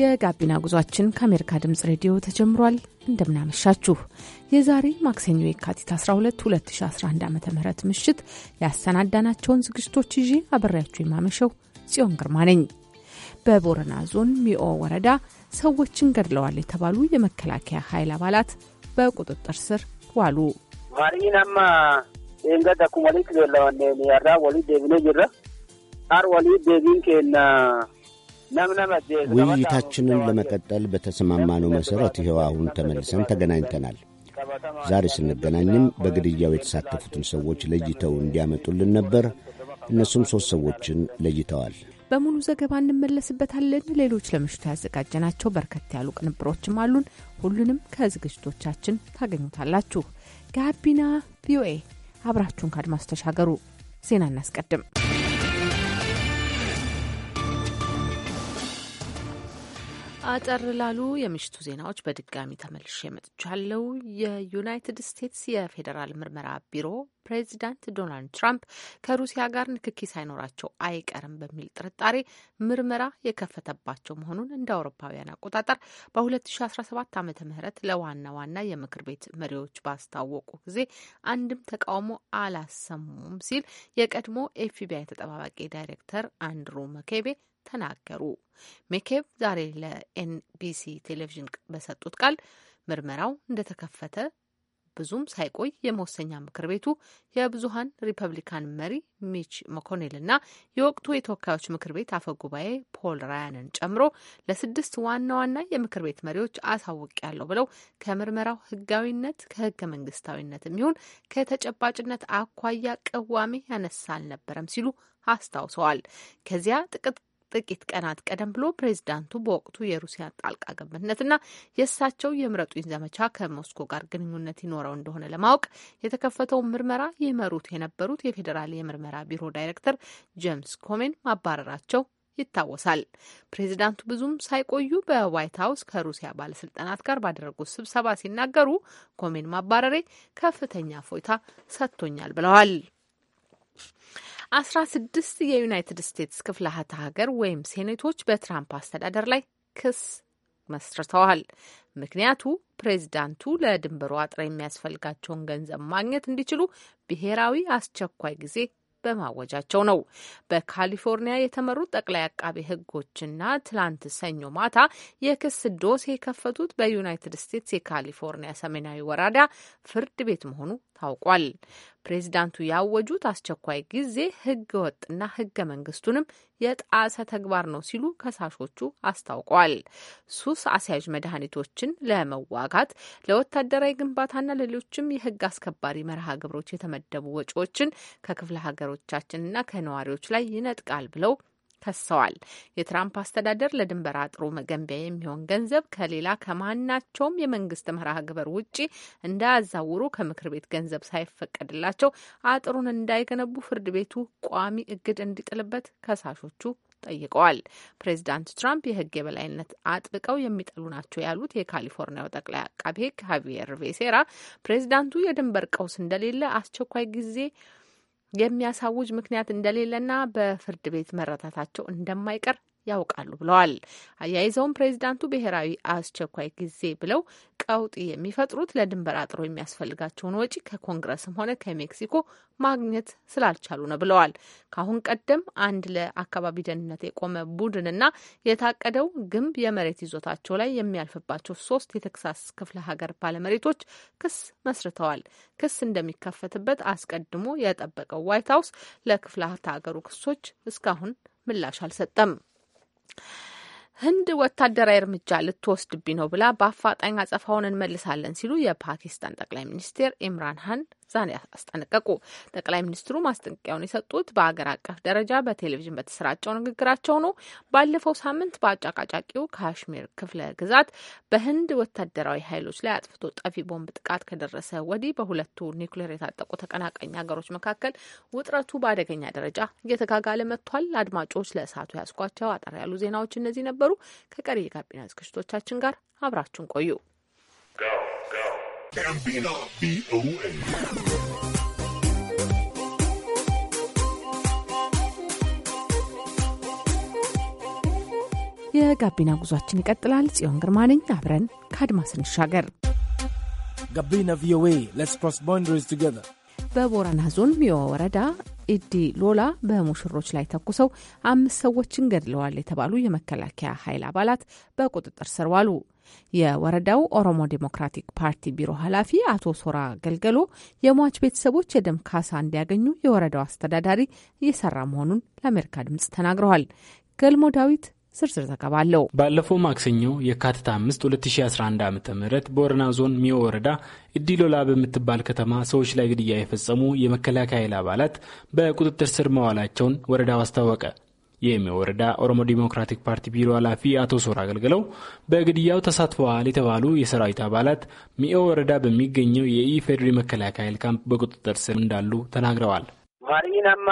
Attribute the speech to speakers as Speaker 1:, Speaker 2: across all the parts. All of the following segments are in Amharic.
Speaker 1: የጋቢና ጉዟችን ከአሜሪካ ድምጽ ሬዲዮ ተጀምሯል። እንደምናመሻችሁ የዛሬ ማክሰኞ የካቲት 12 2011 ዓ ም ምሽት ያሰናዳናቸውን ዝግጅቶች ይዤ አበሬያችሁ የማመሸው ጽዮን ግርማ ነኝ። በቦረና ዞን ሚኦ ወረዳ ሰዎችን ገድለዋል የተባሉ የመከላከያ ኃይል አባላት በቁጥጥር ስር ዋሉ።
Speaker 2: ውይይታችንን ለመቀጠል በተስማማነው መሠረት ይኸው አሁን ተመልሰን ተገናኝተናል። ዛሬ ስንገናኝም በግድያው የተሳተፉትን ሰዎች ለይተው እንዲያመጡልን ነበር። እነሱም ሦስት ሰዎችን ለይተዋል።
Speaker 3: በሙሉ
Speaker 1: ዘገባ እንመለስበታለን። ሌሎች ለምሽቱ ያዘጋጀናቸው በርከት ያሉ ቅንብሮችም አሉን። ሁሉንም ከዝግጅቶቻችን ታገኙታላችሁ። ጋቢና ቪኦኤ፣ አብራችሁን ከአድማስ ተሻገሩ። ዜና እናስቀድም። አጠር ላሉ የምሽቱ ዜናዎች በድጋሚ ተመልሼ መጥቻለሁ። የዩናይትድ ስቴትስ የፌዴራል ምርመራ ቢሮ ፕሬዚዳንት ዶናልድ ትራምፕ ከሩሲያ ጋር ንክኪ ሳይኖራቸው አይቀርም በሚል ጥርጣሬ ምርመራ የከፈተባቸው መሆኑን እንደ አውሮፓውያን አቆጣጠር በ2017 ዓመተ ምህረት ለዋና ዋና የምክር ቤት መሪዎች ባስታወቁ ጊዜ አንድም ተቃውሞ አላሰሙም ሲል የቀድሞ ኤፍቢአይ ተጠባባቂ ዳይሬክተር አንድሩ መኬቤ ተናገሩ። ሜኬቭ ዛሬ ለኤንቢሲ ቴሌቪዥን በሰጡት ቃል ምርመራው እንደተከፈተ ብዙም ሳይቆይ የመወሰኛ ምክር ቤቱ የብዙሀን ሪፐብሊካን መሪ ሚች እና የወቅቱ የተወካዮች ምክር ቤት አፈ ጉባኤ ፖል ራያንን ጨምሮ ለስድስት ዋና ዋና የምክር ቤት መሪዎች አሳውቅ ያለው ብለው ከምርመራው ህጋዊነት ከህገ መንግስታዊነት የሚሆን ከተጨባጭነት አኳያ ቅዋሜ ያነሳ አልነበረም ሲሉ አስታውሰዋል። ከዚያ ጥቂት ጥቂት ቀናት ቀደም ብሎ ፕሬዚዳንቱ በወቅቱ የሩሲያ ጣልቃ ገብነትና የእሳቸው የምረጡኝ ዘመቻ ከሞስኮ ጋር ግንኙነት ይኖረው እንደሆነ ለማወቅ የተከፈተውን ምርመራ ይመሩት የነበሩት የፌዴራል የምርመራ ቢሮ ዳይሬክተር ጄምስ ኮሜን ማባረራቸው ይታወሳል። ፕሬዚዳንቱ ብዙም ሳይቆዩ በዋይት ሀውስ ከሩሲያ ባለስልጣናት ጋር ባደረጉት ስብሰባ ሲናገሩ ኮሜን ማባረሬ ከፍተኛ ፎይታ ሰጥቶኛል ብለዋል። አስራ ስድስት የዩናይትድ ስቴትስ ክፍለ ሀገር ወይም ሴኔቶች በትራምፕ አስተዳደር ላይ ክስ መስርተዋል። ምክንያቱ ፕሬዚዳንቱ ለድንበሩ አጥር የሚያስፈልጋቸውን ገንዘብ ማግኘት እንዲችሉ ብሔራዊ አስቸኳይ ጊዜ በማወጃቸው ነው። በካሊፎርኒያ የተመሩት ጠቅላይ አቃቤ ሕጎችና ትላንት ሰኞ ማታ የክስ ዶሴ የከፈቱት በዩናይትድ ስቴትስ የካሊፎርኒያ ሰሜናዊ ወራዳ ፍርድ ቤት መሆኑ ታውቋል። ፕሬዚዳንቱ ያወጁት አስቸኳይ ጊዜ ህገ ወጥና ህገ መንግስቱንም የጣሰ ተግባር ነው ሲሉ ከሳሾቹ አስታውቀዋል። ሱስ አስያዥ መድኃኒቶችን ለመዋጋት ለወታደራዊ ግንባታና ለሌሎችም የህግ አስከባሪ መርሃ ግብሮች የተመደቡ ወጪዎችን ከክፍለ ሀገሮቻችንና ከነዋሪዎች ላይ ይነጥቃል ብለው ከሰዋል። የትራምፕ አስተዳደር ለድንበር አጥሩ መገንቢያ የሚሆን ገንዘብ ከሌላ ከማናቸውም የመንግስት መርሃ ግብር ውጪ እንዳያዛውሩ ከምክር ቤት ገንዘብ ሳይፈቀድላቸው አጥሩን እንዳይገነቡ ፍርድ ቤቱ ቋሚ እግድ እንዲጥልበት ከሳሾቹ ጠይቀዋል። ፕሬዚዳንት ትራምፕ የህግ የበላይነት አጥብቀው የሚጠሉ ናቸው ያሉት የካሊፎርኒያው ጠቅላይ አቃቤ ህግ ሃቪየር ቬሴራ ፕሬዚዳንቱ የድንበር ቀውስ እንደሌለ አስቸኳይ ጊዜ የሚያሳውጅ ምክንያት እንደሌለና በፍርድ ቤት መረታታቸው እንደማይቀር ያውቃሉ ብለዋል። አያይዘውም ፕሬዚዳንቱ ብሔራዊ አስቸኳይ ጊዜ ብለው ቀውጢ የሚፈጥሩት ለድንበር አጥሮ የሚያስፈልጋቸውን ወጪ ከኮንግረስም ሆነ ከሜክሲኮ ማግኘት ስላልቻሉ ነው ብለዋል። ከአሁን ቀደም አንድ ለአካባቢ ደህንነት የቆመ ቡድንና የታቀደው ግንብ የመሬት ይዞታቸው ላይ የሚያልፍባቸው ሶስት የቴክሳስ ክፍለ ሀገር ባለመሬቶች ክስ መስርተዋል። ክስ እንደሚከፈትበት አስቀድሞ የጠበቀው ዋይት ሀውስ ለክፍለ ሀገሩ ክሶች እስካሁን ምላሽ አልሰጠም። ህንድ ወታደራዊ እርምጃ ልትወስድብኝ ነው ብላ በአፋጣኝ አጸፋውን እንመልሳለን ሲሉ የፓኪስታን ጠቅላይ ሚኒስትር ኢምራን ሀን ዛሬ አስጠነቀቁ። ጠቅላይ ሚኒስትሩ ማስጠንቀቂያውን የሰጡት በአገር አቀፍ ደረጃ በቴሌቪዥን በተሰራጨው ንግግራቸው ነው። ባለፈው ሳምንት በአጫቃጫቂው ካሽሚር ክፍለ ግዛት በህንድ ወታደራዊ ኃይሎች ላይ አጥፍቶ ጠፊ ቦምብ ጥቃት ከደረሰ ወዲህ በሁለቱ ኒውክሌር የታጠቁ ተቀናቃኝ ሀገሮች መካከል ውጥረቱ በአደገኛ ደረጃ እየተጋጋለ መጥቷል። አድማጮች፣ ለእሳቱ ያስኳቸው አጠር ያሉ ዜናዎች እነዚህ ነበሩ። ከቀሪ የጋቢና ዝግጅቶቻችን ጋር አብራችሁን ቆዩ። የጋቢና ጉዟችን ይቀጥላል። ጽዮን ግርማ ነኝ። አብረን ከአድማስ እንሻገር።
Speaker 4: ጋቢና ቪኦኤ ሌትስ ክሮስ ቦንደሪስ ቱጌዘር
Speaker 1: በቦረና ዞን ሚዋ ወረዳ ኢዲ ሎላ በሙሽሮች ላይ ተኩሰው አምስት ሰዎችን ገድለዋል የተባሉ የመከላከያ ኃይል አባላት በቁጥጥር ስር ዋሉ። የወረዳው ኦሮሞ ዴሞክራቲክ ፓርቲ ቢሮ ኃላፊ አቶ ሶራ ገልገሎ የሟች ቤተሰቦች የደም ካሳ እንዲያገኙ የወረዳው አስተዳዳሪ እየሰራ መሆኑን ለአሜሪካ ድምጽ ተናግረዋል። ገልሞ ዳዊት ዝርዝር ዘገባ
Speaker 4: አለው። ባለፈው ማክሰኞ የካቲት 5 2011 ዓ ም በወረና ዞን ሚዮ ወረዳ እዲሎላ በምትባል ከተማ ሰዎች ላይ ግድያ የፈጸሙ የመከላከያ ኃይል አባላት በቁጥጥር ስር መዋላቸውን ወረዳው አስታወቀ። የሜ ወረዳ ኦሮሞ ዲሞክራቲክ ፓርቲ ቢሮ ኃላፊ አቶ ሶር አገልግለው በግድያው ተሳትፈዋል የተባሉ የሰራዊት አባላት ሚኦ ወረዳ በሚገኘው የኢፌዴሪ መከላከያ ኃይል ካምፕ በቁጥጥር ስር እንዳሉ ተናግረዋል።
Speaker 2: ማሪናማ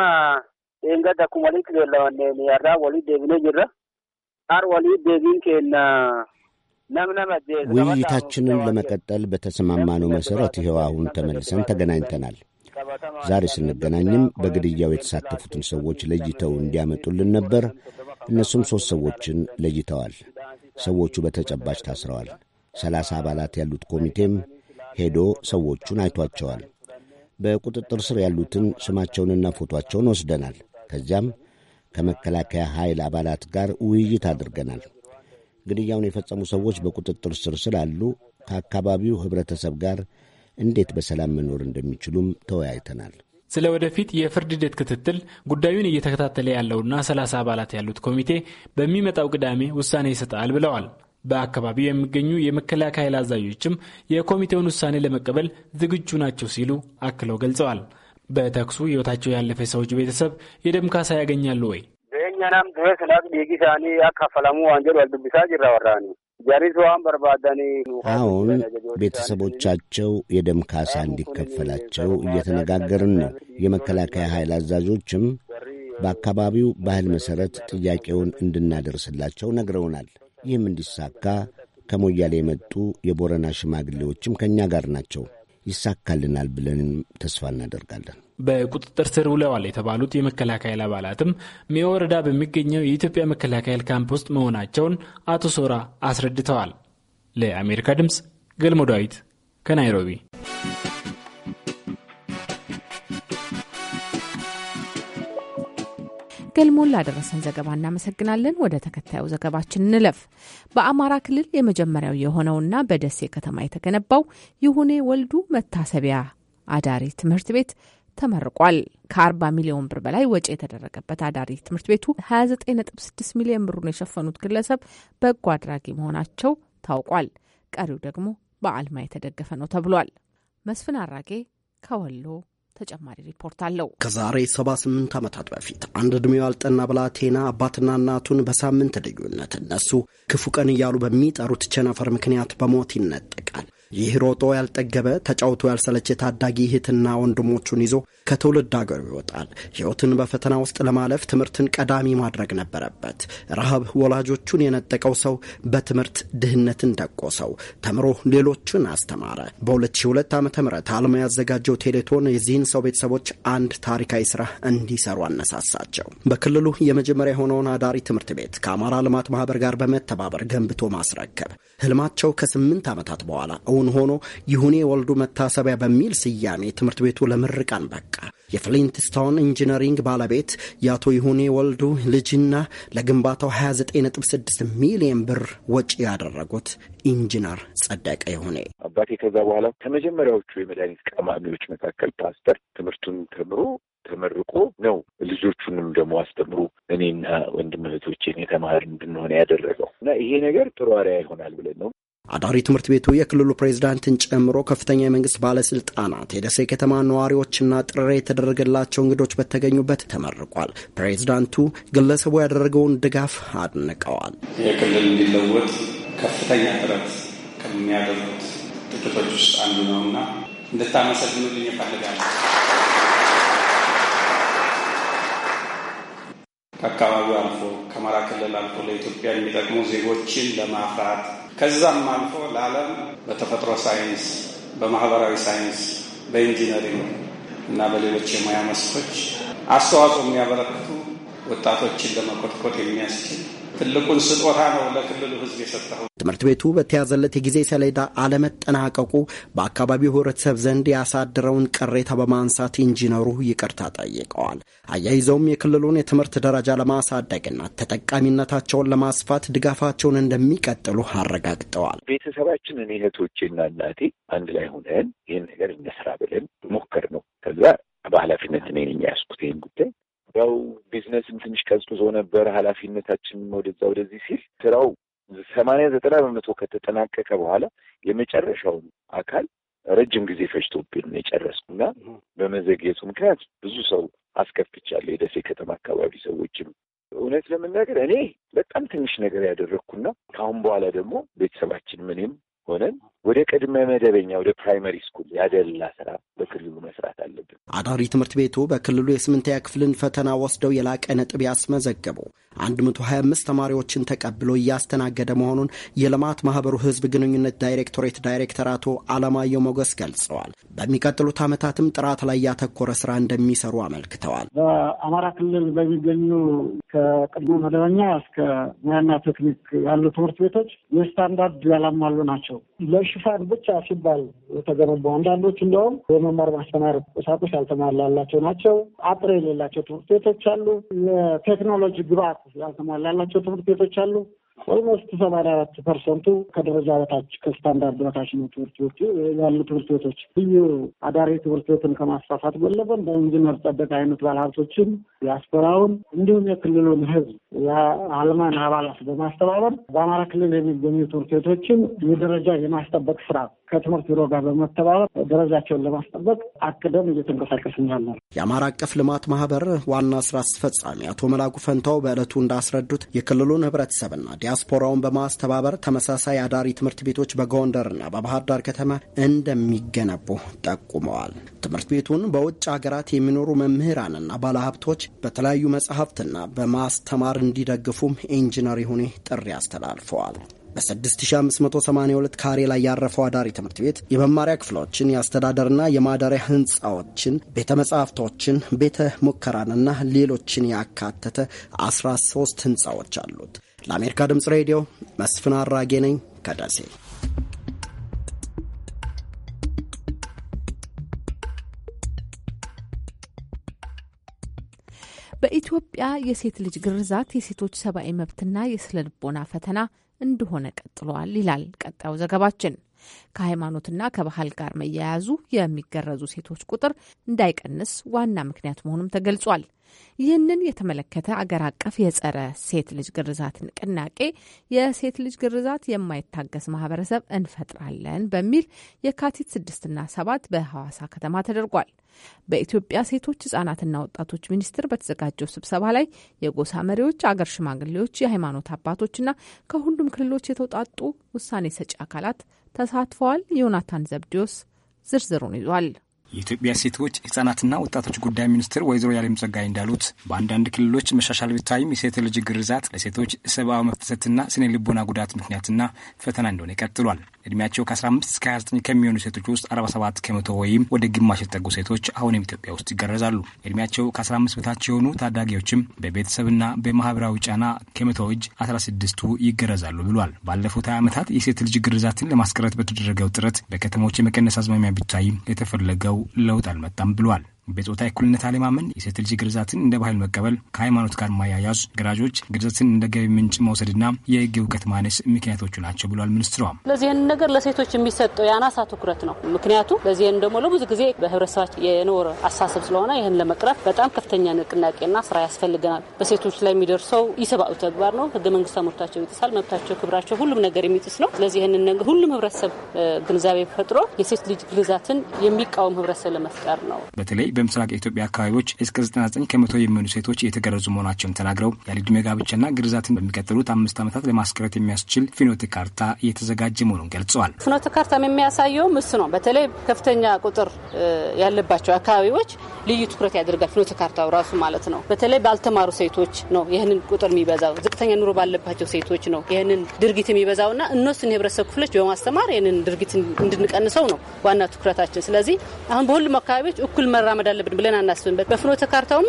Speaker 2: ንገዳ ኩመሊት ሌላዋን ያራ ወሊ ደብነ ጅራ አር ወሊ ደቢን ኬና ውይይታችንን ለመቀጠል በተሰማማነው መሰረት ይኸው አሁን ተመልሰን ተገናኝተናል። ዛሬ ስንገናኝም በግድያው የተሳተፉትን ሰዎች ለይተው እንዲያመጡልን ነበር። እነሱም ሦስት ሰዎችን ለይተዋል። ሰዎቹ በተጨባጭ ታስረዋል። ሰላሳ አባላት ያሉት ኮሚቴም ሄዶ ሰዎቹን አይቷቸዋል። በቁጥጥር ስር ያሉትን ስማቸውንና ፎቶአቸውን ወስደናል። ከዚያም ከመከላከያ ኃይል አባላት ጋር ውይይት አድርገናል። ግድያውን የፈጸሙ ሰዎች በቁጥጥር ስር ስላሉ ከአካባቢው ኅብረተሰብ ጋር እንዴት በሰላም መኖር እንደሚችሉም ተወያይተናል።
Speaker 4: ስለ ወደፊት የፍርድ ሂደት ክትትል ጉዳዩን እየተከታተለ ያለውና ሰላሳ አባላት ያሉት ኮሚቴ በሚመጣው ቅዳሜ ውሳኔ ይሰጣል ብለዋል። በአካባቢው የሚገኙ የመከላከያ ኃይል አዛዦችም የኮሚቴውን ውሳኔ ለመቀበል ዝግጁ ናቸው ሲሉ አክለው ገልጸዋል። በተኩሱ ሕይወታቸው ያለፈ ሰዎች ቤተሰብ የደም ካሳ ያገኛሉ ወይ?
Speaker 2: ኛናም ድሬ ስላት ዲጊ ሳኒ አካፈላሙ ዋንጀል ወልዱብሳ ጅራ ወራኒ አሁን ቤተሰቦቻቸው የደም ካሳ እንዲከፈላቸው እየተነጋገርን ነው። የመከላከያ ኃይል አዛዦችም በአካባቢው ባህል መሠረት ጥያቄውን እንድናደርስላቸው ነግረውናል። ይህም እንዲሳካ ከሞያሌ የመጡ የቦረና ሽማግሌዎችም ከእኛ ጋር ናቸው። ይሳካልናል ብለንም ተስፋ እናደርጋለን።
Speaker 4: በቁጥጥር ስር ውለዋል የተባሉት የመከላከያ አባላትም ሜኦ ወረዳ በሚገኘው የኢትዮጵያ መከላከያ ካምፕ ውስጥ መሆናቸውን አቶ ሶራ አስረድተዋል። ለአሜሪካ ድምፅ ገልሞ ዳዊት ከናይሮቢ።
Speaker 1: ገልሞን ላደረሰን ዘገባ እናመሰግናለን። ወደ ተከታዩ ዘገባችን እንለፍ። በአማራ ክልል የመጀመሪያው የሆነውና በደሴ ከተማ የተገነባው ይሁኔ ወልዱ መታሰቢያ አዳሪ ትምህርት ቤት ተመርቋል። ከ40 ሚሊዮን ብር በላይ ወጪ የተደረገበት አዳሪ ትምህርት ቤቱ 29.6 ሚሊዮን ብሩን የሸፈኑት ግለሰብ በጎ አድራጊ መሆናቸው ታውቋል። ቀሪው ደግሞ በአልማ የተደገፈ ነው ተብሏል። መስፍን አራጌ ከወሎ ተጨማሪ ሪፖርት
Speaker 5: አለው። ከዛሬ 78 ዓመታት በፊት አንድ ዕድሜው ያልጠና ብላቴና አባትና እናቱን በሳምንት ልዩነት እነሱ ክፉ ቀን እያሉ በሚጠሩት ቸነፈር ምክንያት በሞት ይነጠቃል። ይህ ሮጦ ያልጠገበ ተጫውቶ ያልሰለች ታዳጊ እህትና ወንድሞቹን ይዞ ከትውልድ አገሩ ይወጣል። ሕይወትን በፈተና ውስጥ ለማለፍ ትምህርትን ቀዳሚ ማድረግ ነበረበት። ረሃብ ወላጆቹን የነጠቀው ሰው በትምህርት ድህነትን ደቆሰው፣ ተምሮ ሌሎቹን አስተማረ። በ2002 ዓ ም አልማ ያዘጋጀው ቴሌቶን የዚህን ሰው ቤተሰቦች አንድ ታሪካዊ ስራ እንዲሰሩ አነሳሳቸው። በክልሉ የመጀመሪያ የሆነውን አዳሪ ትምህርት ቤት ከአማራ ልማት ማህበር ጋር በመተባበር ገንብቶ ማስረከብ ህልማቸው ከስምንት ዓመታት በኋላ እውን እውን ሆኖ ይሁኔ ወልዱ መታሰቢያ በሚል ስያሜ ትምህርት ቤቱ ለምርቃን በቃ። የፍሊንትስታውን ኢንጂነሪንግ ባለቤት የአቶ ይሁኔ ወልዱ ልጅና ለግንባታው 296 ሚሊዮን ብር ወጪ ያደረጉት ኢንጂነር ጸደቀ ይሁኔ
Speaker 6: አባቴ ከዛ በኋላ ከመጀመሪያዎቹ የመድኃኒት ቀማሚዎች መካከል ፓስተር ትምህርቱን ተምሮ ተመርቆ ነው ልጆቹንም ደግሞ አስተምሮ እኔና ወንድም እህቶቼን
Speaker 2: እንድንሆነ ያደረገው እና ይሄ ነገር ጥሩ ይሆናል ብለን ነው
Speaker 5: አዳሪ ትምህርት ቤቱ የክልሉ ፕሬዝዳንትን ጨምሮ ከፍተኛ የመንግስት ባለስልጣናት፣ የደሴ ከተማ ነዋሪዎችና ጥሪ የተደረገላቸው እንግዶች በተገኙበት ተመርቋል። ፕሬዝዳንቱ ግለሰቡ ያደረገውን ድጋፍ አድንቀዋል። የክልል እንዲለወጥ
Speaker 4: ከፍተኛ ጥረት ከሚያደርጉት ጥቂቶች ውስጥ አንዱ ነውና እንድታመሰግኑልኝ እፈልጋለሁ። ከአካባቢው አልፎ ከአማራ ክልል አልፎ ለኢትዮጵያ የሚጠቅሙ ዜጎችን ለማፍራት ከዛም አልፎ ለዓለም በተፈጥሮ ሳይንስ፣ በማህበራዊ ሳይንስ፣ በኢንጂነሪንግ እና በሌሎች የሙያ መስኮች አስተዋጽኦ የሚያበረክቱ ወጣቶችን ለመኮትኮት የሚያስችል ትልቁን ስጦታ ነው ለክልሉ ህዝብ የሰጠው።
Speaker 5: ትምህርት ቤቱ በተያዘለት የጊዜ ሰሌዳ አለመጠናቀቁ በአካባቢው ህብረተሰብ ዘንድ ያሳድረውን ቅሬታ በማንሳት ኢንጂነሩ ይቅርታ ጠይቀዋል። አያይዘውም የክልሉን የትምህርት ደረጃ ለማሳደግና ተጠቃሚነታቸውን ለማስፋት ድጋፋቸውን እንደሚቀጥሉ አረጋግጠዋል።
Speaker 6: ቤተሰባችን ቤተሰባችንን እህቶቼና እናቴ አንድ ላይ ሆነን ይህን ነገር እነስራ ብለን ሞከር ነው። ከዛ በኃላፊነት እኔ ነኝ ያዝኩት ይህን ጉዳይ ያው ቢዝነስም ትንሽ ቀዝቅዞ ነበር። ኃላፊነታችንም ወደዛ ወደዚህ ሲል ስራው ሰማንያ ዘጠና በመቶ ከተጠናቀቀ በኋላ የመጨረሻውን አካል ረጅም ጊዜ ፈጅቶብን ነው የጨረስኩና በመዘግየቱ ምክንያት ብዙ ሰው አስከፍቻለሁ። የደሴ ከተማ አካባቢ ሰዎችም እውነት ለመናገር እኔ በጣም ትንሽ ነገር ያደረግኩና ከአሁን በኋላ ደግሞ ቤተሰባችን ምንም ሆነን ወደ ቅድመ መደበኛ ወደ ፕራይመሪ ስኩል ያደላ ስራ በክልሉ መስራት አለብን።
Speaker 5: አዳሪ ትምህርት ቤቱ በክልሉ የስምንተኛ ክፍልን ፈተና ወስደው የላቀ ነጥብ ያስመዘገበው 125 ተማሪዎችን ተቀብሎ እያስተናገደ መሆኑን የልማት ማህበሩ ህዝብ ግንኙነት ዳይሬክቶሬት ዳይሬክተር አቶ አለማየሁ ሞገስ ገልጸዋል። በሚቀጥሉት ዓመታትም ጥራት ላይ ያተኮረ ስራ እንደሚሰሩ አመልክተዋል።
Speaker 6: በአማራ ክልል በሚገኙ ከቅድመ መደበኛ እስከ ሙያና ቴክኒክ ያሉ ትምህርት ቤቶች የስታንዳርድ ያላሟሉ ናቸው። ለሽፋን ብቻ ሲባል የተገነቡ አንዳንዶች እንደውም የመማር ማስተማር ቁሳቁስ ያልተሟላላቸው ናቸው። አጥር የሌላቸው ትምህርት ቤቶች አሉ። የቴክኖሎጂ ግብዓት ያልተሟላላቸው ትምህርት ቤቶች አሉ። ኦልሞስት ሰማንያ አራት ፐርሰንቱ ከደረጃ በታች ከስታንዳርድ በታች ነው ትምህርት ቤቱ ያሉ ትምህርት ቤቶች ልዩ አዳሪ ትምህርት ቤትን ከማስፋፋት ጎለበ በኢንጂነር ጠበቅ አይነት ባለሀብቶችን ያስፈራውን እንዲሁም የክልሉን ህዝብ የአልማን አባላት በማስተባበር በአማራ ክልል የሚገኙ ትምህርት ቤቶችን የደረጃ የማስጠበቅ ስራ ከትምህርት ቢሮ ጋር በመተባበር ደረጃቸውን ለማስጠበቅ አቅደን እየተንቀሳቀስን ያለን።
Speaker 5: የአማራ አቀፍ ልማት ማህበር ዋና ስራ አስፈጻሚ አቶ መላኩ ፈንታው በዕለቱ እንዳስረዱት የክልሉን ህብረተሰብና ዲያስፖራውን በማስተባበር ተመሳሳይ አዳሪ ትምህርት ቤቶች በጎንደርና በባህር ዳር ከተማ እንደሚገነቡ ጠቁመዋል። ትምህርት ቤቱን በውጭ ሀገራት የሚኖሩ መምህራንና ባለሀብቶች በተለያዩ መጽሐፍትና በማስተማር እንዲደግፉም ኢንጂነር ይሁኔ ጥሪ አስተላልፈዋል። በ6582 ካሬ ላይ ያረፈው አዳሪ ትምህርት ቤት የመማሪያ ክፍሎችን፣ የአስተዳደርና የማዳሪያ ህንፃዎችን፣ ቤተ መጻሕፍቶችን፣ ቤተ ሙከራንና ሌሎችን ያካተተ 13 ህንፃዎች አሉት። ለአሜሪካ ድምፅ ሬዲዮ መስፍን አራጌ ነኝ
Speaker 2: ከደሴ።
Speaker 1: በኢትዮጵያ የሴት ልጅ ግርዛት የሴቶች ሰብአዊ መብትና የስነ ልቦና ፈተና እንደሆነ ቀጥሏል ይላል ቀጣዩ ዘገባችን። ከሃይማኖትና ከባህል ጋር መያያዙ የሚገረዙ ሴቶች ቁጥር እንዳይቀንስ ዋና ምክንያት መሆኑም ተገልጿል። ይህንን የተመለከተ አገር አቀፍ የጸረ ሴት ልጅ ግርዛት ንቅናቄ የሴት ልጅ ግርዛት የማይታገስ ማህበረሰብ እንፈጥራለን በሚል የካቲት ስድስትና ሰባት በሐዋሳ ከተማ ተደርጓል። በኢትዮጵያ ሴቶች ህጻናትና ወጣቶች ሚኒስቴር በተዘጋጀው ስብሰባ ላይ የጎሳ መሪዎች፣ አገር ሽማግሌዎች፣ የሃይማኖት አባቶችና ከሁሉም ክልሎች የተውጣጡ ውሳኔ ሰጪ አካላት ተሳትፈዋል። ዮናታን ዘብዲዮስ ዝርዝሩን ይዟል።
Speaker 7: የኢትዮጵያ ሴቶች ህጻናትና ወጣቶች ጉዳይ ሚኒስትር ወይዘሮ ያለም ጸጋይ እንዳሉት በአንዳንድ ክልሎች መሻሻል ቢታይም የሴት ልጅ ግርዛት ለሴቶች ሰብአዊ መፍሰትና ስነ ልቦና ጉዳት ምክንያትና ፈተና እንደሆነ ይቀጥሏል። እድሜያቸው ከ15 እስከ 29 ከሚሆኑ ሴቶች ውስጥ 47 ከመቶ ወይም ወደ ግማሽ የተጠጉ ሴቶች አሁንም ኢትዮጵያ ውስጥ ይገረዛሉ። እድሜያቸው ከ15 በታች የሆኑ ታዳጊዎችም በቤተሰብና በማህበራዊ ጫና ከመቶ እጅ 16ቱ ይገረዛሉ ብሏል። ባለፉት 20 ዓመታት የሴት ልጅ ግርዛትን ለማስቀረት በተደረገው ጥረት በከተሞች የመቀነስ አዝማሚያ ቢታይም የተፈለገው ለውጥ አልመጣም ብሏል። በጾታ እኩልነት አለማመን፣ የሴት ልጅ ግርዛትን እንደ ባህል መቀበል፣ ከሃይማኖት ጋር ማያያዝ፣ ገራጆች ግርዛትን እንደ ገቢ ምንጭ መውሰድና የህግ እውቀት ማነስ ምክንያቶቹ ናቸው ብሏል ሚኒስትሯ።
Speaker 8: ለዚህን ነገር ለሴቶች የሚሰጠው የአናሳ ትኩረት ነው። ምክንያቱ ለዚህን ደግሞ ለብዙ ጊዜ በህብረተሰባች የኖረ አሳሰብ ስለሆነ ይህን ለመቅረፍ በጣም ከፍተኛ ንቅናቄና ስራ ያስፈልገናል። በሴቶች ላይ የሚደርሰው ኢሰብአዊ ተግባር ነው። ህገ መንግስት መብታቸው ይጥሳል። መብታቸው፣ ክብራቸው፣ ሁሉም ነገር የሚጥስ ነው። ስለዚህ ይህንን ነገር ሁሉም ህብረተሰብ ግንዛቤ ፈጥሮ የሴት ልጅ ግርዛትን የሚቃወም ህብረተሰብ ለመፍጠር ነው።
Speaker 7: በተለይ በምስራቅ የኢትዮጵያ አካባቢዎች እስከ 99 ከመቶ የሚሆኑ ሴቶች የተገረዙ መሆናቸውን ተናግረው ያለዕድሜ ጋብቻና ግርዛትን በሚቀጥሉት አምስት ዓመታት ለማስቀረት የሚያስችል ፍኖተ ካርታ እየተዘጋጀ መሆኑን ገልጸዋል።
Speaker 8: ፍኖተ ካርታም የሚያሳየውም እሱ ነው። በተለይ ከፍተኛ ቁጥር ያለባቸው አካባቢዎች ልዩ ትኩረት ያደርጋል። ፍኖተ ካርታው ራሱ ማለት ነው። በተለይ ባልተማሩ ሴቶች ነው ይህንን ቁጥር የሚበዛው። ዝቅተኛ ኑሮ ባለባቸው ሴቶች ነው ይህንን ድርጊት የሚበዛውና እነሱን የህብረተሰብ ክፍሎች በማስተማር ይህንን ድርጊት እንድንቀንሰው ነው ዋና ትኩረታችን። ስለዚህ አሁን በሁሉም አካባቢዎች እኩል መራመድ መለማመድ አለብን ብለን አናስብንበት። በፍኖተ ካርታውም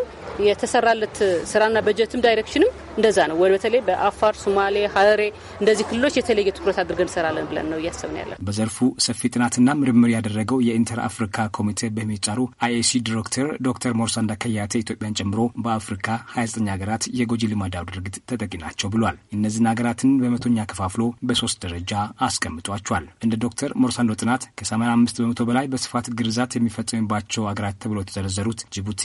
Speaker 8: የተሰራለት ስራና በጀትም ዳይሬክሽንም እንደዛ ነው። በተለይ በአፋር፣ ሶማሌ፣ ሀረሬ እንደዚህ ክልሎች የተለየ ትኩረት አድርገን እንሰራለን ብለን ነው እያሰብን ያለን።
Speaker 7: በዘርፉ ሰፊ ጥናትና ምርምር ያደረገው የኢንተር አፍሪካ ኮሚቴ በሚጫሩ አይኤሲ ዲሬክተር ዶክተር ሞርሳንዳ ከያቴ ኢትዮጵያን ጨምሮ በአፍሪካ 29 ሀገራት የጎጂ ልማዳዊ ድርጊት ተጠቂ ናቸው ብሏል። እነዚህን ሀገራትን በመቶኛ ከፋፍሎ በሶስት ደረጃ አስቀምጧቸዋል። እንደ ዶክተር ሞርሳንዶ ጥናት ከ85 በመቶ በላይ በስፋት ግርዛት የሚፈጸምባቸው ሀገራት ተብሎ የተዘረዘሩት ጅቡቲ፣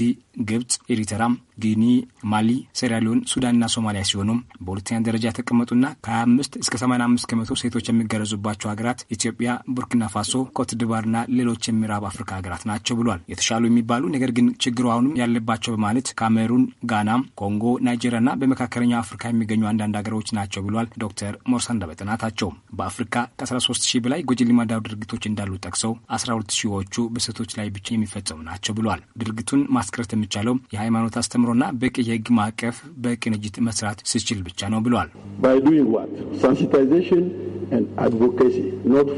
Speaker 7: ግብጽ፣ ኤሪተራም ጊኒ፣ ማሊ፣ ሴራሊዮን፣ ሱዳንና ሶማሊያ ሲሆኑ በሁለተኛ ደረጃ የተቀመጡና ከ25 እስከ 85 ከመቶ ሴቶች የሚገረዙባቸው ሀገራት ኢትዮጵያ፣ ቡርኪና ፋሶ፣ ኮትዲቫርና ሌሎች የምዕራብ አፍሪካ ሀገራት ናቸው ብሏል። የተሻሉ የሚባሉ ነገር ግን ችግሩ አሁንም ያለባቸው በማለት ካሜሩን፣ ጋና፣ ኮንጎ፣ ናይጄሪያና በመካከለኛው አፍሪካ የሚገኙ አንዳንድ ሀገሮች ናቸው ብሏል። ዶክተር ሞርሳንዳ በጥናታቸው በአፍሪካ ከ13 ሺህ በላይ ጎጂ ልማዳዊ ድርጊቶች እንዳሉ ጠቅሰው 12 ሺዎቹ በሴቶች ላይ ብቻ የሚፈጸሙ ናቸው ብሏል። ድርጊቱን ማስቀረት የሚቻለው የሃይማኖት አስተምሮ ጨምሮና በቂ የህግ ማዕቀፍ በቅንጅት መስራት ስችል ብቻ ነው ብሏል።
Speaker 2: ኖት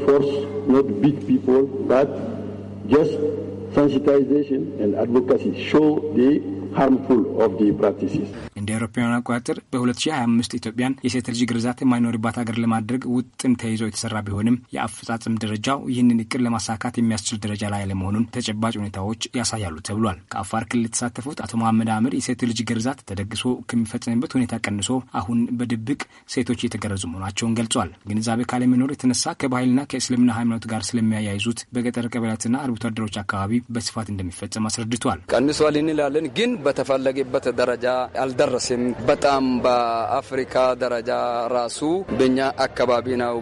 Speaker 2: ሃርምፉል ኦፍ ዲ
Speaker 7: እንደ አውሮፓውያን አቆጣጠር በ2025 ኢትዮጵያን ልጅ ግርዛት የማይኖርባት ሀገር ለማድረግ ውጥን ተይዞ የተሰራ ቢሆንም የአፈጻጽም ደረጃው ይህንን እቅድ ለማሳካት የሚያስችል ደረጃ ላይ ለመሆኑን ተጨባጭ ሁኔታዎች ያሳያሉ ተብሏል። ከአፋር ክልል የተሳተፉት አቶ መሐመድ አምር የሴት ልጅ ግርዛት ተደግሶ ከሚፈጸምበት ሁኔታ ቀንሶ አሁን በድብቅ ሴቶች እየተገረዙ መሆናቸውን ገልጿል። ግንዛቤ ካለመኖር የተነሳ ከባህልና ከእስልምና ሃይማኖት ጋር ስለሚያያይዙት በገጠር ቀበሌያትና አርብቶ አደሮች አካባቢ በስፋት እንደሚፈጸም አስረድቷል። ቀንሷል እንላለን ግን በተፈለገበት ደረጃ አልደረስም። በጣም በአፍሪካ ደረጃ ራሱ በኛ አካባቢ ነው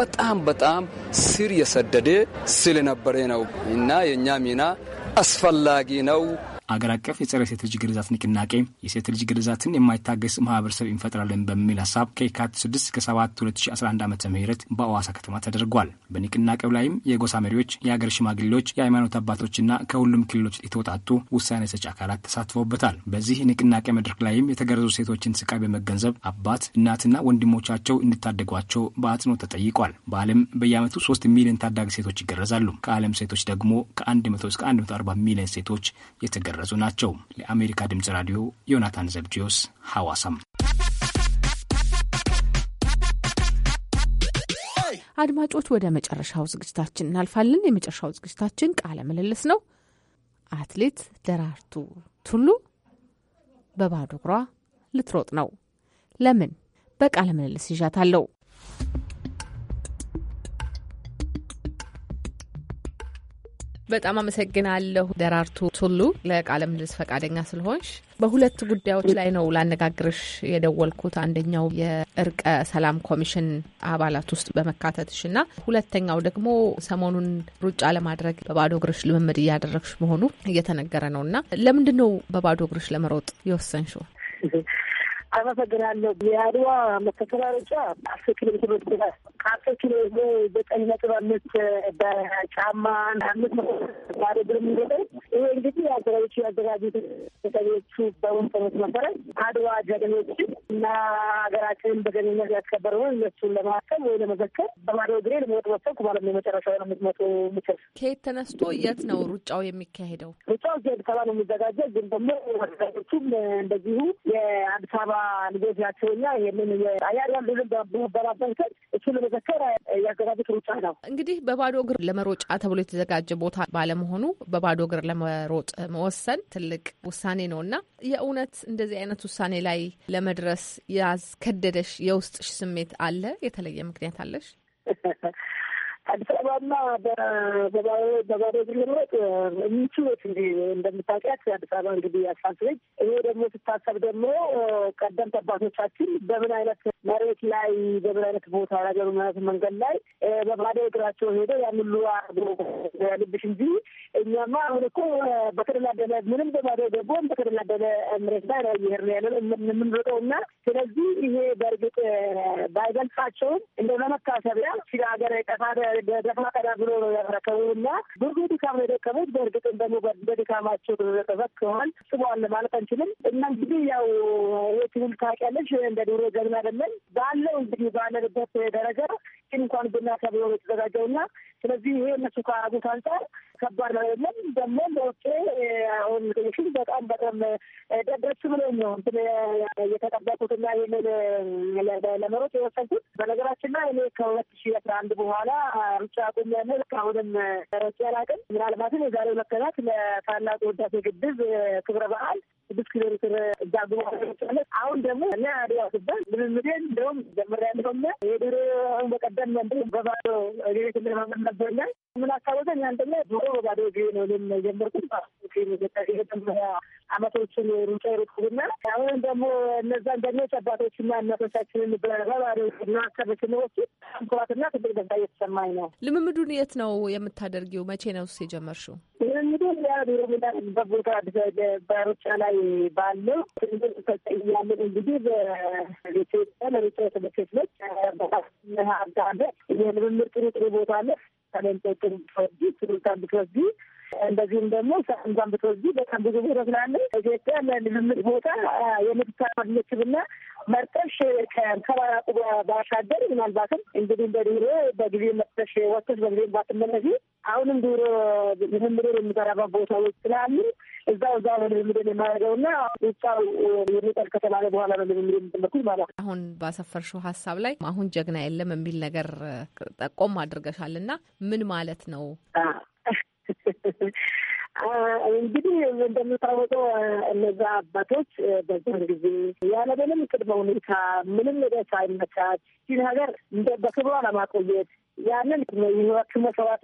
Speaker 7: በጣም በጣም ስር የሰደደ ስለነበረ ነው እና የእኛ ሚና አስፈላጊ ነው። አገር አቀፍ የጸረ ሴት ልጅ ግርዛት ንቅናቄ የሴት ልጅ ግርዛትን የማይታገስ ማህበረሰብ እንፈጥራለን በሚል ሀሳብ ከየካቲት 6 እስከ 7 2011 ዓ ም በአዋሳ ከተማ ተደርጓል። በንቅናቄው ላይም የጎሳ መሪዎች፣ የአገር ሽማግሌዎች፣ የሃይማኖት አባቶችና ከሁሉም ክልሎች የተወጣጡ ውሳኔ ሰጪ አካላት ተሳትፈውበታል። በዚህ ንቅናቄ መድረክ ላይም የተገረዙ ሴቶችን ስቃይ በመገንዘብ አባት እናትና ወንድሞቻቸው እንዲታደጓቸው በአጽንኦት ተጠይቋል። በዓለም በየዓመቱ 3 ሚሊዮን ታዳጊ ሴቶች ይገረዛሉ። ከዓለም ሴቶች ደግሞ ከ100 እስከ 140 ሚሊዮን ሴቶች የተገረ የተቀረጹ ናቸው። ለአሜሪካ ድምፅ ራዲዮ ዮናታን ዘብጂዮስ ሐዋሳም።
Speaker 1: አድማጮች ወደ መጨረሻው ዝግጅታችን እናልፋለን። የመጨረሻው ዝግጅታችን ቃለ ምልልስ ነው። አትሌት ደራርቱ ቱሉ በባዶ እግሯ ልትሮጥ ነው። ለምን? በቃለ ምልልስ ይዣታለሁ። በጣም አመሰግናለሁ ደራርቱ ቱሉ ለቃለ ምልልስ ፈቃደኛ ስለሆንሽ። በሁለት ጉዳዮች ላይ ነው ላነጋግርሽ የደወልኩት። አንደኛው የእርቀ ሰላም ኮሚሽን አባላት ውስጥ በመካተትሽ እና ሁለተኛው ደግሞ ሰሞኑን ሩጫ ለማድረግ በባዶ እግርሽ ልምምድ እያደረግሽ መሆኑ እየተነገረ ነው እና ለምንድን ነው በባዶ እግርሽ ለመሮጥ የወሰንሽው?
Speaker 6: አመሰግናለሁ። የአድዋ መተፈራረጫ አስር ኪሎ ሜትር ወስዳል። ከአስር ኪሎ ዘጠኝ ነጥብ አምስት በጫማ አምስት ባዶ እግር የሚሮጠው ይሄ እንግዲህ አዘጋጆቹ ያዘጋጁት ተጠሪዎቹ በወንፈኖች መሰረት አድዋ ጀግኖችን እና ሀገራችንን በጀግንነት ነው። እነሱን ለማሰብ ወይ ለመዘከር በባዶ እግሬ ለመወጥ ወሰንኩ ማለት ነው። የመጨረሻ ነው መቶ ምችል ከየት ተነስቶ የት ነው ሩጫው የሚካሄደው? ሩጫው እዚህ አዲስ አበባ ነው የሚዘጋጀው። ግን ደግሞ አዘጋጆቹም እንደዚሁ የአዲስ አበባ ልጆች ናቸው። እኛ ይህንን የጣሊያን ልዝም በመበራበት እሱ ለመዘከር ያዘጋጁት ሩጫ ነው።
Speaker 1: እንግዲህ በባዶ እግር ለመሮጫ ተብሎ የተዘጋጀ ቦታ ባለመሆኑ በባዶ እግር ለመሮጥ መወሰን ትልቅ ውሳኔ ነው እና የእውነት እንደዚህ አይነት ውሳኔ ላይ ለመድረስ ያስከደደሽ የውስጥሽ ስሜት አለ? የተለየ ምክንያት አለሽ?
Speaker 6: አዲስ አበባና በባዶ እግር መሮጥ ምቹዎች እንዲ እንደምታውቂያት አዲስ አበባ እንግዲህ አሳስበች። ይሄ ደግሞ ስታሰብ ደግሞ ቀደምት አባቶቻችን በምን አይነት መሬት ላይ በምን አይነት ቦታ ነገሩ ምነት መንገድ ላይ በባዶ እግራቸው ሄደ ያን ሁሉ አድርጎ ልብሽ እንጂ እኛማ አሁን እኮ በተደላደለ ምንም በባዶ ደግሞ በተደላደለ መሬት ላይ ነው እየሄድን ያለ የምንሮጠው እና ስለዚህ ይሄ በእርግጥ ባይገልጻቸውም እንደ መታሰቢያ ሲለ ሀገር የጠፋ ደፋ ቀዳ ብሎ ነው ያረከቡ እና ብዙ ድካም ነው የደከሙት። በእርግጥም ደግሞ በድካማቸው ተዘክተዋል ጽበዋል ማለት አንችልም። እና እንግዲህ ያው ይህ ትውልድ ታውቂያለሽ፣ እንደ ድሮ ጀግና አይደለም ባለው እንግዲህ ባለንበት ደረጃ እንኳን ብናከብረው የተዘጋጀው እና ስለዚህ ይሄ እነሱ ከአጉት አንጻር ከባድ ነው። የለም ደግሞ ለውጭ አሁን ሽን በጣም በጣም ደስ ብሎኝ ነው እንትን የተጠበቁትና ይህንን ለመሮጥ የወሰንኩት። በነገራችን ላይ እኔ ከሁለት ሺ አስራ አንድ በኋላ ሩጫ አቁሜያለሁ። ልክ አሁንም ሮጬ አላውቅም። ምናልባትም የዛሬ መከናት ለታላቁ ህዳሴ ግድብ ክብረ በዓል ስድስት ኪሎ ሜትር እዛ ጉባለ አሁን ደግሞ እና አዲያ ስባል ልምምዴን እንደውም ጀምሬያለሁና የድሮ አሁን በቀደም መንድ በባዶ ቤት እንደመመን ነበርና ምን አካበተኝ አንደኛ ዞሮ በባዶ እግሬ ነው የጀመርኩት። የመጀመሪያ አመቶችን ሩጫ ሩጥኩና አሁንም ደግሞ እነዛ እንደሚዎች አባቶችና እናቶቻችንን በባዶ እና ከበስነዎቹ ንኩራትና ትልቅ ደስታ እየተሰማኝ ነው።
Speaker 1: ልምምዱን የት ነው የምታደርጊው? መቼ ነው ስ የጀመርሽው?
Speaker 6: ልምምዱን ያ ቢሮ ምናበት በሩጫ ላይ ባለው ትልቅ ተጠያለን እንግዲህ በኢትዮጵያ ለሩጫ ነች። የተመቸችሎች በአጋለ የልምምድ ጥሩ ጥሩ ቦታ አለ talented from this route and because this እንደዚሁም ደግሞ እንኳን ብትወስዱ በጣም ብዙ ቦታ ስላለ ኢትዮጵያ ለልምምድ ቦታ ና መርጠሽ ከንከባራቁ ባሻገር ምናልባትም እንግዲህ እንደ ድሮ በጊዜ መርጠሽ ወጥተሽ በጊዜ ባትመለሽ አሁንም ድሮ ልምምድን የምሰራበት ቦታዎች ስላሉ እዛው እዛ ነው ልምምድን የማደርገው ና ውጫው የሚጠል ከተባለ በኋላ ነው ልምምድ የምትመኩት ማለት ነው። አሁን
Speaker 1: ባሰፈርሽው ሀሳብ ላይ አሁን ጀግና የለም የሚል ነገር ጠቆም አድርገሻል ና ምን ማለት ነው?
Speaker 6: እንግዲህ እንደምታወቀው እነዛ አባቶች በዛን ጊዜ ያለምንም ቅድመ ሁኔታ ምንም ነገር ሳይመቻች ይህ ሀገር በክብሯ ለማቆየት ያንን ህይወቱ መሰዋት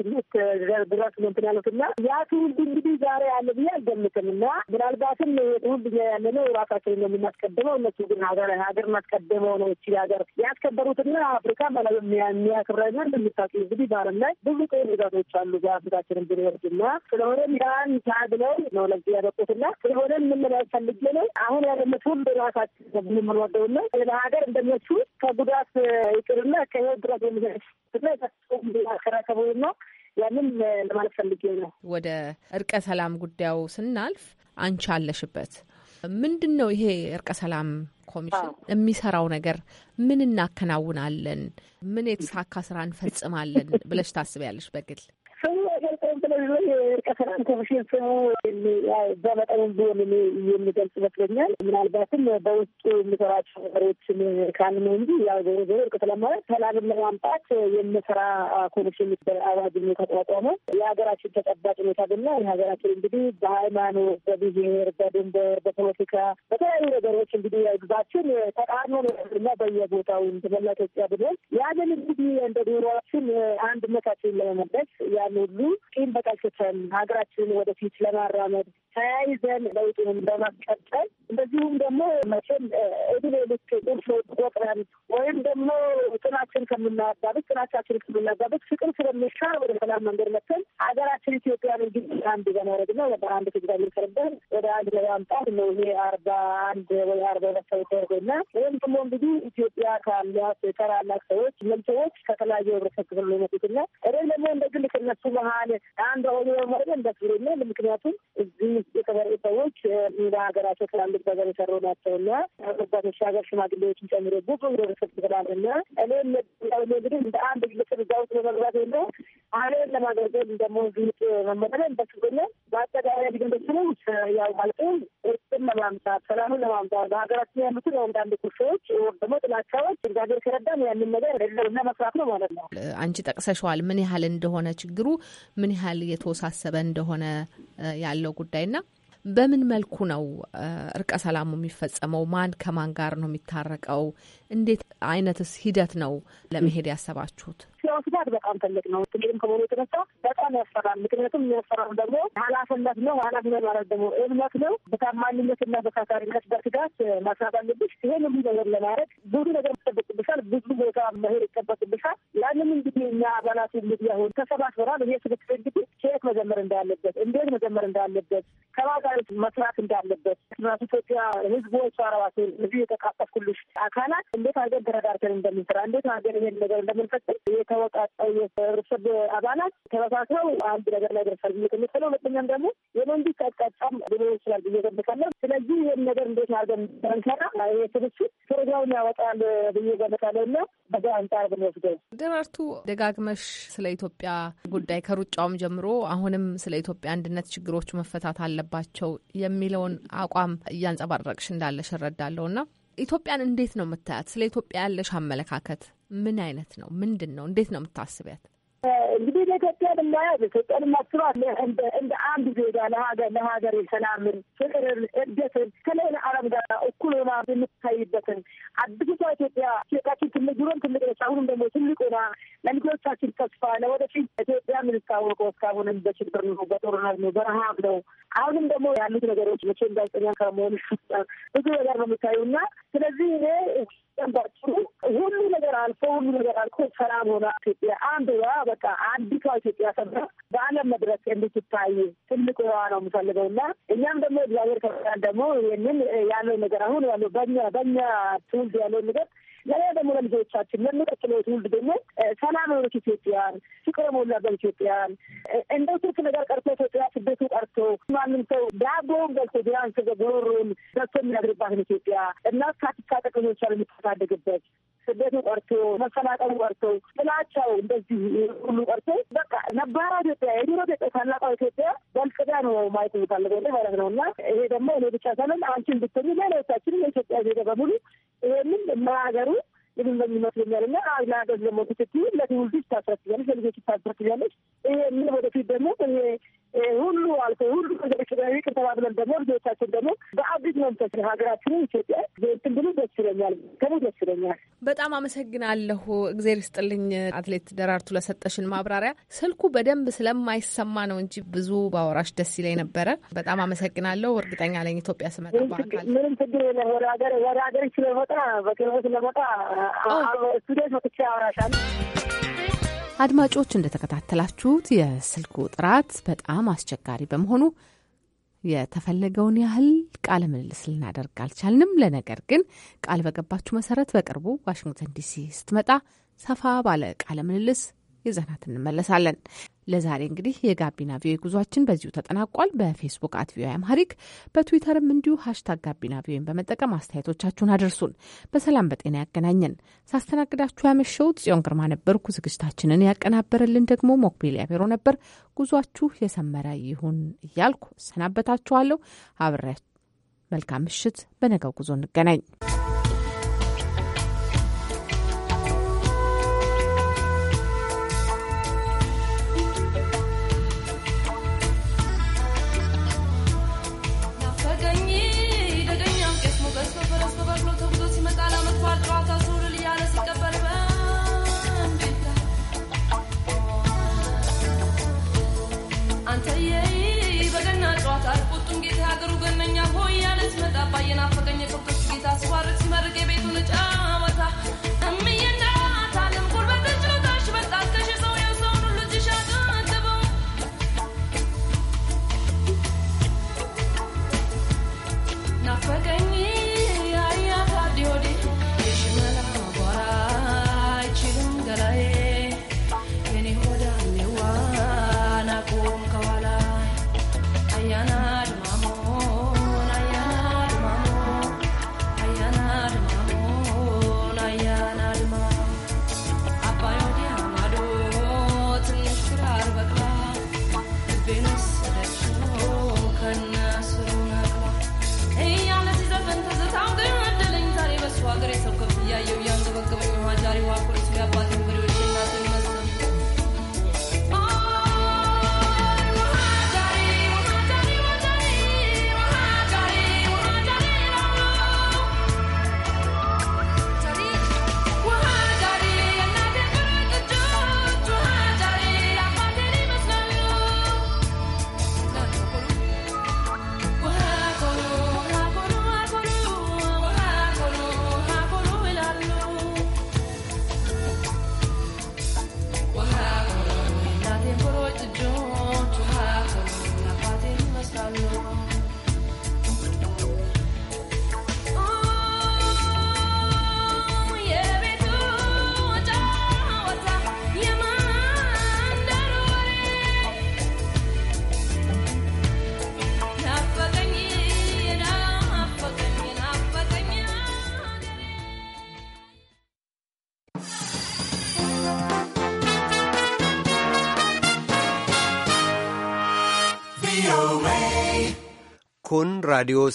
Speaker 6: ድረስ እንትን ያሉት እና ያ ትውልድ እንግዲህ ዛሬ ያለ ብዬ አልገምትም እና ምናልባትም ትውልድ ያለ ነው ራሳችን ነው የምናስቀድመው። እነሱ ግን ሀገር ሀገር ማስቀድመው ነው እቺ ሀገር ያስከበሩትና አፍሪካ ማለት የሚያክብረና እንግዲህ በዓለም ላይ ብዙ ቀይ ግዛቶች አሉ በአፍሪካችን ብንወርድ እና ስለሆነም ያን ብለው ነው ለዚህ ያበቁትና ስለሆነም የምንለው ፈልጌ ነው አሁን ያለነ ትውልድ ራሳችን ብንምንወደውና ለሀገር እንደነሱ ከጉዳት ይቅርና ከህይወት ድረስ የሚ ያንን ለማለት ፈልጌ ነው።
Speaker 1: ወደ እርቀ ሰላም ጉዳዩ ስናልፍ አንቺ አለሽበት ምንድን ነው ይሄ እርቀ ሰላም ኮሚሽን የሚሰራው ነገር ምን እናከናውናለን፣ ምን የተሳካ ስራ እንፈጽማለን ብለሽ ታስቢያለሽ በግል?
Speaker 6: ስሙ አይገልጠውም። ስለዚህ የእርቀ ሰላም ኮሚሽን ስሙ በመጠኑም ቢሆን የሚገልጽ ይመስለኛል። ምናልባትም በውስጡ የሚሰራቸው ነገሮችን ካል ነው እንጂ ያው ዞሮ ዞሮ እርቀ ሰላም ሰላምን ለማምጣት የሚሰራ ኮሚሽን አዋጅ ተቋቋመ። የሀገራችን ተጨባጭ ሁኔታ ብና የሀገራችን እንግዲህ በሃይማኖት፣ በብሄር፣ በድንበር፣ በፖለቲካ በተለያዩ ነገሮች እንግዲህ ግዛችን ተቃርኖ እና በየቦታው በመላ ኢትዮጵያ ብሎን ያንን እንግዲህ እንደ ዶሮችን አንድነታችን ለመመለስ ያሉ ሁሉ ቂም በቀል ትተን ሀገራችንን ወደፊት ለማራመድ ተያይዘን ለውጡን በማስቀጠል እንደዚሁም ደግሞ መቼም እድሜ ልክ ቁርስ ቆጥረን ወይም ደግሞ ጥናችን ከምናያባበት ጥናቻችን ከምናያባበት ፍቅር ስለሚሻ ወደ ሰላም መንገድ መተን ሀገራችን ኢትዮጵያን እንግዲህ አንድ በማድረግ ነው ነበር አንድ ህዝብ የሚቀርበን ወደ አንድ ለማምጣት ነው። ይሄ አርባ አንድ ወይ አርባ ሁለት ሰው ተርጎና ወይም ደግሞ እንግዲህ ኢትዮጵያ ካሏት ከታላላቅ ሰዎች ምን ሰዎች ከተለያየ ህብረተሰብ ክፍል ነው ና እኔም ደግሞ እንደ ግል ከነሱ መሀል አንድ ሆኖ በማድረግ እንደስ ብሎኛል። ምክንያቱም እዚህ የተበሩ ሰዎች በሀገራቸው ትላልቅ ነገር የሰሩ ናቸው እና አባት ሀገር ሽማግሌዎችን ጨምሮ ብዙ ህብረተሰብ ትላል እና እኔ እንግዲህ እንደ አንድ ግለሰብ እዛ ውስጥ በመግባት የለ አለን ለማገልገል ደግሞ ዚጥ መመለ በስብለ በአጠቃላይ ግንበችኖች ያው ማለት ስም ለማምጣት ሰላሙን ለማምጣት በሀገራችን ያሉት አንዳንድ ቁርሾዎች ደግሞ ጥላቻዎች እግዚአብሔር ከረዳም ያንን ነገር እና መስራት ነው ማለት ነው።
Speaker 1: አንቺ ጠቅሰሸዋል ምን ያህል እንደሆነ ችግሩ ምን ያህል የተወሳሰበ እንደሆነ ያለው ጉዳይና በምን መልኩ ነው እርቀ ሰላሙ የሚፈጸመው? ማን ከማን ጋር ነው የሚታረቀው? እንዴት አይነትስ ሂደት ነው ለመሄድ ያሰባችሁት?
Speaker 6: ስጋት በጣም ትልቅ ነው። ትልቅም ከመሆኑ የተነሳ በጣም ያስፈራል። ምክንያቱም የሚያስፈራው ደግሞ ኃላፊነት ነው። ኃላፊነት ማለት ደግሞ እምነት ነው። በታማኝነት በታማኝነትና በታታሪነት በትጋት መስራት አለብሽ። ይሄን ሁሉ ነገር ለማድረግ ብዙ ነገር ይጠበቅብሻል። ብዙ ቦታ መሄድ ይጠበቅብሻል። ያንም እንግዲህ እኛ አባላት እንግዲህ ተሰባስበናል። ይሄ ስብስብ እንግዲህ ቼክ መጀመር እንዳለበት፣ እንዴት መጀመር እንዳለበት፣ ከባጋሪት መስራት እንዳለበት ኢትዮጵያ ህዝቦች አረባሴ እዚህ የተቃጠፍኩልሽ አካላት እንዴት ሀገር ተረዳርተን እንደምንሰራ እንዴት ሀገር ይሄን ነገር እንደምንፈጽም የተወጣጠው የህብረተሰብ አባላት ተመሳስረው አንድ ነገር ላይ ደርሳል ብዬ ከምችለው፣ ሁለተኛም ደግሞ የመንግስት አቅጣጫም ሊኖር ይችላል ብዬ ገምታለሁ። ስለዚህ ይህን ነገር እንዴት ሀገር እንሰራ ይሄ ስብስብ ፕሮግራም ያወጣል ብዬ ገምታለሁ እና በዛ አንጻር ብንወስደው
Speaker 1: ደራርቱ ደጋግመሽ ስለ ኢትዮጵያ ጉዳይ ከሩጫውም ጀምሮ አሁንም ስለ ኢትዮጵያ አንድነት ችግሮች መፈታት አለባቸው የሚለውን አቋም እያንጸባረቅሽ እንዳለሽ እረዳለሁ እና ኢትዮጵያን እንዴት ነው የምታያት? ስለ ኢትዮጵያ ያለሽ አመለካከት ምን አይነት ነው? ምንድን ነው? እንዴት ነው የምታስቢያት?
Speaker 6: እንግዲህ ለኢትዮጵያ ብናያት ኢትዮጵያን ማስባት እንደ አንድ ዜጋ ለሀገር ለሀገር የሰላምን ፍቅርን፣ እድገትን ከሌላ ዓለም ጋር እኩል ሆና የምታይበትን አዲሷ ኢትዮጵያ ኢትዮጵያችን ትልቅ ድሮም ትልቅ ነች፣ አሁንም ደግሞ ትልቅ ሆና ለልጆቻችን ተስፋ ለወደፊት ኢትዮጵያ የምንታወቀው እስካሁንም በችግር ነው፣ በጦርነት ነው፣ በረሃብ ነው። አሁንም ደግሞ ያሉት ነገሮች መቼ እንዳይጸኛ ከመሆን ብዙ ነገር ነው የምታዩ እና ስለዚህ እኔ ባጭሩ ሁሉ ነገር አልፎ ሁሉ ነገር አልፎ ሰላም ሆና ኢትዮጵያ አንድ ዋ በቃ አዲሷ ኢትዮጵያ ሰብራ በዓለም መድረክ እንድትታይ ትልቁ ዋ ነው የምፈልገው እና እኛም ደግሞ እግዚአብሔር ከበዳን ደግሞ ይህንን ያለው ነገር አሁን ያለው በኛ በኛ ትውልድ ያለው ነገር ለያ ደግሞ ለልጆቻችን ለሚቀጥለው ትውልድ ደግሞ ሰላም የሆኑት ኢትዮጵያን፣ ፍቅር የሞላበት ኢትዮጵያን እንደ ስልክ ነገር ቀርቶ ኢትዮጵያ ስደቱ ቀርቶ ማንም ሰው ዳቦውን ገልቶ ቢያንስ ጎሮሮን ገብቶ የሚያድርባትን ኢትዮጵያ እና ሳትታጠቅ ልጆቿን የምታሳድግበት ስደቱ ቀርቶ መፈናቀሉ ቀርቶ ጥላቻው እንደዚህ ሁሉ ቀርቶ በቃ ነባራ ኢትዮጵያ የድሮ ኢትዮጵያ ታላቋ ኢትዮጵያ በልቅዳ ነው ማየት የሚፈልገው ማለት ነው። እና ይሄ ደግሞ እኔ ብቻ ሳለን አንቺን ብትሉ ሌሎቻችንም የኢትዮጵያ ዜጋ በሙሉ ይሄንን ለሀገሩ ምን ነው ይመስለኛል እና ለሀገር ደግሞ ትክክል ለትውልዶች ታስረክቢያለች፣ ለልጆች ታስረክቢያለች። ይሄ ምን ወደፊት ደግሞ ይሄ ሁሉ አልፎ ሁሉ ነገሮች ይቅር ተባብለን ደግሞ ልጆቻችን ደግሞ በአዲስ መንፈስ ሀገራችንን ኢትዮጵያ ዜትን ብሉ ደስ ይለኛል። ከሙ ደስ ይለኛል። በጣም
Speaker 1: አመሰግናለሁ። እግዜር ይስጥልኝ አትሌት ደራርቱ ለሰጠሽን ማብራሪያ። ስልኩ በደንብ ስለማይሰማ ነው እንጂ ብዙ ባወራሽ ደስ ይለኝ ነበረ። በጣም አመሰግናለሁ። እርግጠኛ ለኝ ኢትዮጵያ ስመጣ
Speaker 6: ምንም ችግር የለም። ወደ ሀገር ወደ ሀገር ስለመጣ በቅርበት ስለመጣ
Speaker 1: አድማጮች እንደተከታተላችሁት የስልኩ ጥራት በጣም አስቸጋሪ በመሆኑ የተፈለገውን ያህል ቃለ ምልልስ ልናደርግ አልቻልንም። ለነገር ግን ቃል በገባችሁ መሰረት በቅርቡ ዋሽንግተን ዲሲ ስትመጣ ሰፋ ባለ ቃለ ምልልስ ይዘናት እንመለሳለን። ለዛሬ እንግዲህ የጋቢና ቪዮ ጉዟችን በዚሁ ተጠናቋል። በፌስቡክ አት ቪዮ አምሃሪክ በትዊተርም እንዲሁ ሀሽታግ ጋቢና ቪዮን በመጠቀም አስተያየቶቻችሁን አድርሱን። በሰላም በጤና ያገናኘን። ሳስተናግዳችሁ ያመሸሁት ጽዮን ግርማ ነበርኩ። ዝግጅታችንን ያቀናበረልን ደግሞ ሞክቢል ያቤሮ ነበር። ጉዟችሁ የሰመረ ይሁን እያልኩ እሰናበታችኋለሁ። አብሬ መልካም ምሽት። በነገው ጉዞ እንገናኝ።
Speaker 5: Kun raadiyoo